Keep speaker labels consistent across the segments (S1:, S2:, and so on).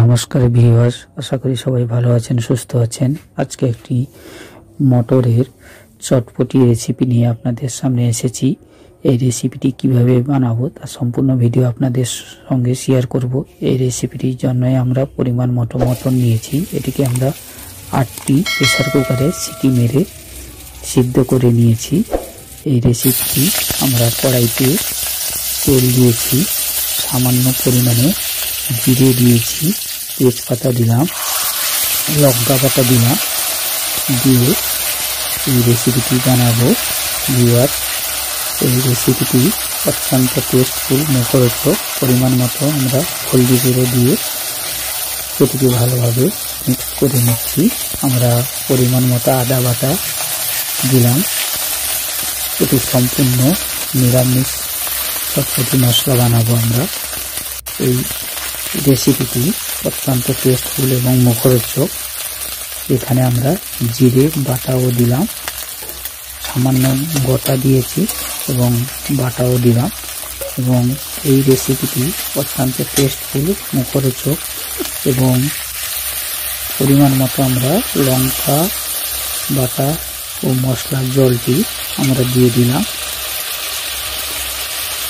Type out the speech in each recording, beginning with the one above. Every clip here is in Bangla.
S1: নমস্কার ভিউয়ার্স আশা করি সবাই ভালো আছেন সুস্থ আছেন আজকে একটি মটরের চটপটি রেসিপি নিয়ে আপনাদের সামনে এসেছি এই রেসিপিটি কিভাবে বানাবো তার সম্পূর্ণ ভিডিও আপনাদের সঙ্গে শেয়ার করব এই রেসিপিটির জন্য আমরা পরিমাণ মতো মটন নিয়েছি এটিকে আমরা আটটি প্রেশার কুকারে সিটি মেরে সিদ্ধ করে নিয়েছি এই রেসিপিটি আমরা কড়াইতে তেল দিয়েছি সামান্য পরিমাণে জিরে দিয়েছি তেজপাতা দিলাম লঙ্কা পাতা দিলাম দিয়ে এই রেসিপিটি বানাবো ভিওয়ার এই রেসিপিটি অত্যন্ত টেস্টফুল মুখরোচ্য পরিমাণ মতো আমরা হলদি গুঁড়ো দিয়ে সেটিকে ভালোভাবে মিক্স করে নিচ্ছি আমরা পরিমাণ মতো আদা বাটা দিলাম এটি সম্পূর্ণ নিরামিষ সবকটি মশলা বানাবো আমরা এই রেসিপিটি অত্যন্ত টেস্টফুল এবং মুখরোচক এখানে আমরা জিরে বাটাও দিলাম সামান্য গোটা দিয়েছি এবং বাটাও দিলাম এবং এই রেসিপিটি অত্যন্ত টেস্টফুল মুখরোচক এবং পরিমাণ মতো আমরা লঙ্কা বাটা ও মশলার জলটি আমরা দিয়ে দিলাম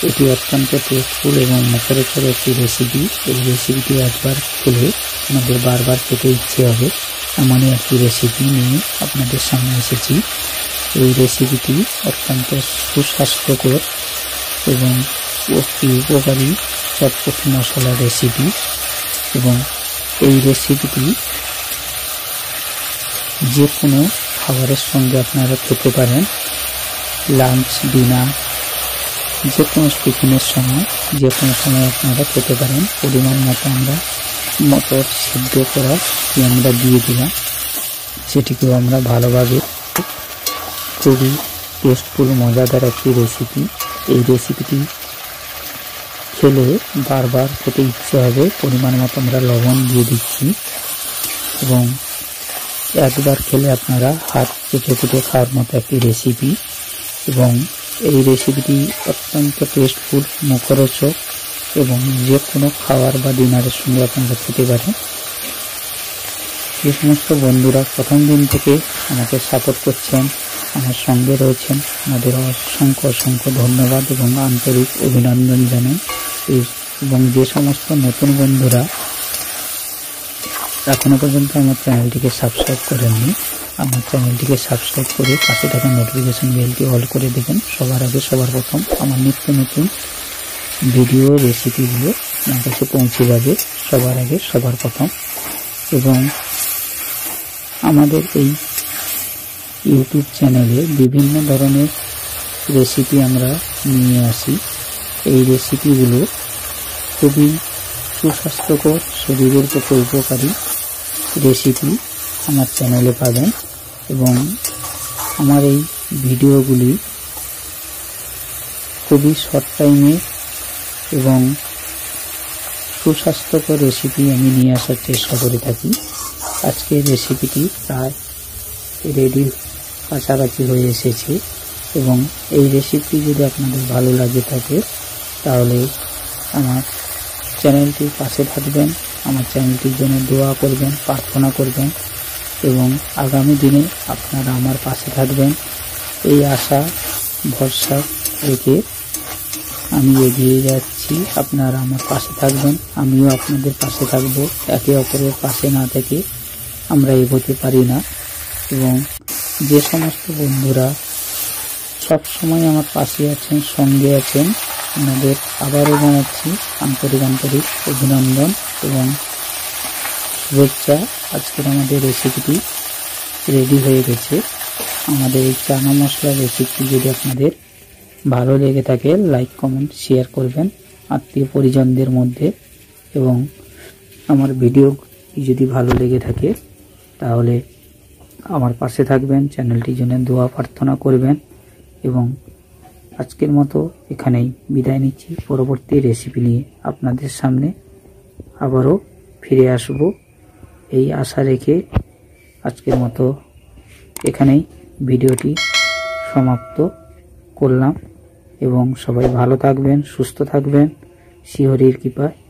S1: এটি অত্যন্ত টেস্টফুল এবং মুখের উপর একটি রেসিপি এই রেসিপিটি একবার খুলে আমাদের বারবার খেতে ইচ্ছে হবে এমনই একটি রেসিপি নিয়ে আপনাদের সামনে এসেছি এই রেসিপিটি অত্যন্ত সুস্বাস্থ্যকর এবং একটি উপকারী চটপট মশলা রেসিপি এবং এই রেসিপিটি যে কোনো খাবারের সঙ্গে আপনারা খেতে পারেন লাঞ্চ ডিনার যে কোনো টিফিনের সময় যে কোনো সময় আপনারা খেতে পারেন পরিমাণ মতো আমরা মটর সিদ্ধ করা আমরা দিয়ে দিলাম সেটিকেও আমরা ভালোভাবে খুবই টেস্টফুল মজাদার একটি রেসিপি এই রেসিপিটি খেলে বারবার খেতে ইচ্ছে হবে পরিমাণ মতো আমরা লবণ দিয়ে দিচ্ছি এবং একবার খেলে আপনারা হাত চেটে কুটে খাওয়ার মতো একটি রেসিপি এবং এই রেসিপিটি অত্যন্ত টেস্টফুল মুখরোচক এবং যে কোনো খাবার বা ডিনারের সঙ্গে আপনারা খেতে পারেন যে সমস্ত বন্ধুরা প্রথম দিন থেকে আমাকে সাপোর্ট করছেন আমার সঙ্গে রয়েছেন আমাদের অসংখ্য অসংখ্য ধন্যবাদ এবং আন্তরিক অভিনন্দন জানান এবং যে সমস্ত নতুন বন্ধুরা এখনও পর্যন্ত আমার চ্যানেলটিকে সাবস্ক্রাইব করেননি আমার চ্যানেলটিকে সাবস্ক্রাইব করে পাশে থাকা নোটিফিকেশান বেলটি অল করে দেবেন সবার আগে সবার প্রথম আমার নিত্য নতুন ভিডিও রেসিপিগুলো আমার কাছে পৌঁছে যাবে সবার আগে সবার প্রথম এবং আমাদের এই ইউটিউব চ্যানেলে বিভিন্ন ধরনের রেসিপি আমরা নিয়ে আসি এই রেসিপিগুলো খুবই সুস্বাস্থ্যকর শরীরের পক্ষে উপকারী রেসিপি আমার চ্যানেলে পাবেন এবং আমার এই ভিডিওগুলি খুবই শর্ট টাইমে এবং সুস্বাস্থ্যকর রেসিপি আমি নিয়ে আসার চেষ্টা করে থাকি আজকে রেসিপিটি প্রায় রেডি কাছাকাছি হয়ে এসেছে এবং এই রেসিপিটি যদি আপনাদের ভালো লাগে থাকে তাহলে আমার চ্যানেলটির পাশে থাকবেন আমার চ্যানেলটির জন্য দোয়া করবেন প্রার্থনা করবেন এবং আগামী দিনে আপনারা আমার পাশে থাকবেন এই আশা ভরসা রেখে আমি এগিয়ে যাচ্ছি আপনারা আমার পাশে থাকবেন আমিও আপনাদের পাশে থাকব একে অপরের পাশে না থেকে আমরা এগোতে পারি না এবং যে সমস্ত বন্ধুরা সব সময় আমার পাশে আছেন সঙ্গে আছেন আপনাদের আবারও জানাচ্ছি আন্তরিক আন্তরিক অভিনন্দন এবং রোজ চা আজকের আমাদের রেসিপিটি রেডি হয়ে গেছে আমাদের এই চানা মশলা রেসিপিটি যদি আপনাদের ভালো লেগে থাকে লাইক কমেন্ট শেয়ার করবেন আত্মীয় পরিজনদের মধ্যে এবং আমার ভিডিও যদি ভালো লেগে থাকে তাহলে আমার পাশে থাকবেন চ্যানেলটির জন্য দোয়া প্রার্থনা করবেন এবং আজকের মতো এখানেই বিদায় নিচ্ছি পরবর্তী রেসিপি নিয়ে আপনাদের সামনে আবারও ফিরে আসবো এই আশা রেখে আজকের মতো এখানেই ভিডিওটি সমাপ্ত করলাম এবং সবাই ভালো থাকবেন সুস্থ থাকবেন শিহরির কৃপায়